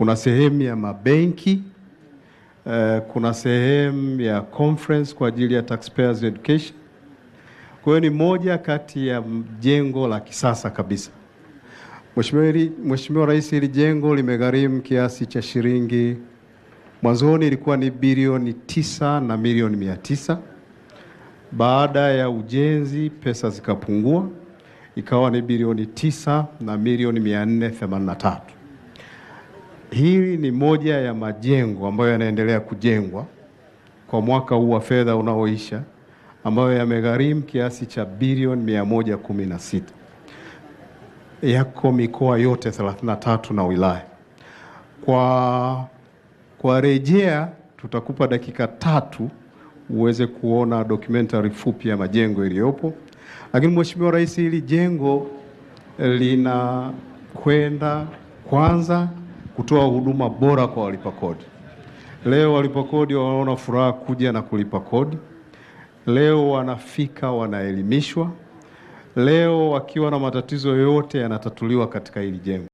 Kuna sehemu ya mabenki uh, kuna sehemu ya conference kwa ajili ya taxpayers education. Kwa hiyo ni moja kati ya jengo la kisasa kabisa. Mheshimiwa Rais, hili jengo limegharimu kiasi cha shilingi mwanzoni ilikuwa ni bilioni tisa na milioni mia tisa. Baada ya ujenzi pesa zikapungua ikawa ni bilioni tisa na milioni mia nne themanini na tatu. Hili ni moja ya majengo ambayo yanaendelea kujengwa kwa mwaka huu wa fedha unaoisha ambayo yamegharimu kiasi cha bilioni 116. Yako mikoa yote 33 na wilaya. Kwa, kwa rejea tutakupa dakika tatu uweze kuona documentary fupi ya majengo iliyopo, lakini Mheshimiwa Rais, hili jengo linakwenda kwanza kutoa huduma bora kwa walipa kodi. Leo walipa kodi wanaona furaha kuja na kulipa kodi. Leo wanafika wanaelimishwa. Leo wakiwa na matatizo yoyote yanatatuliwa katika hili jengo.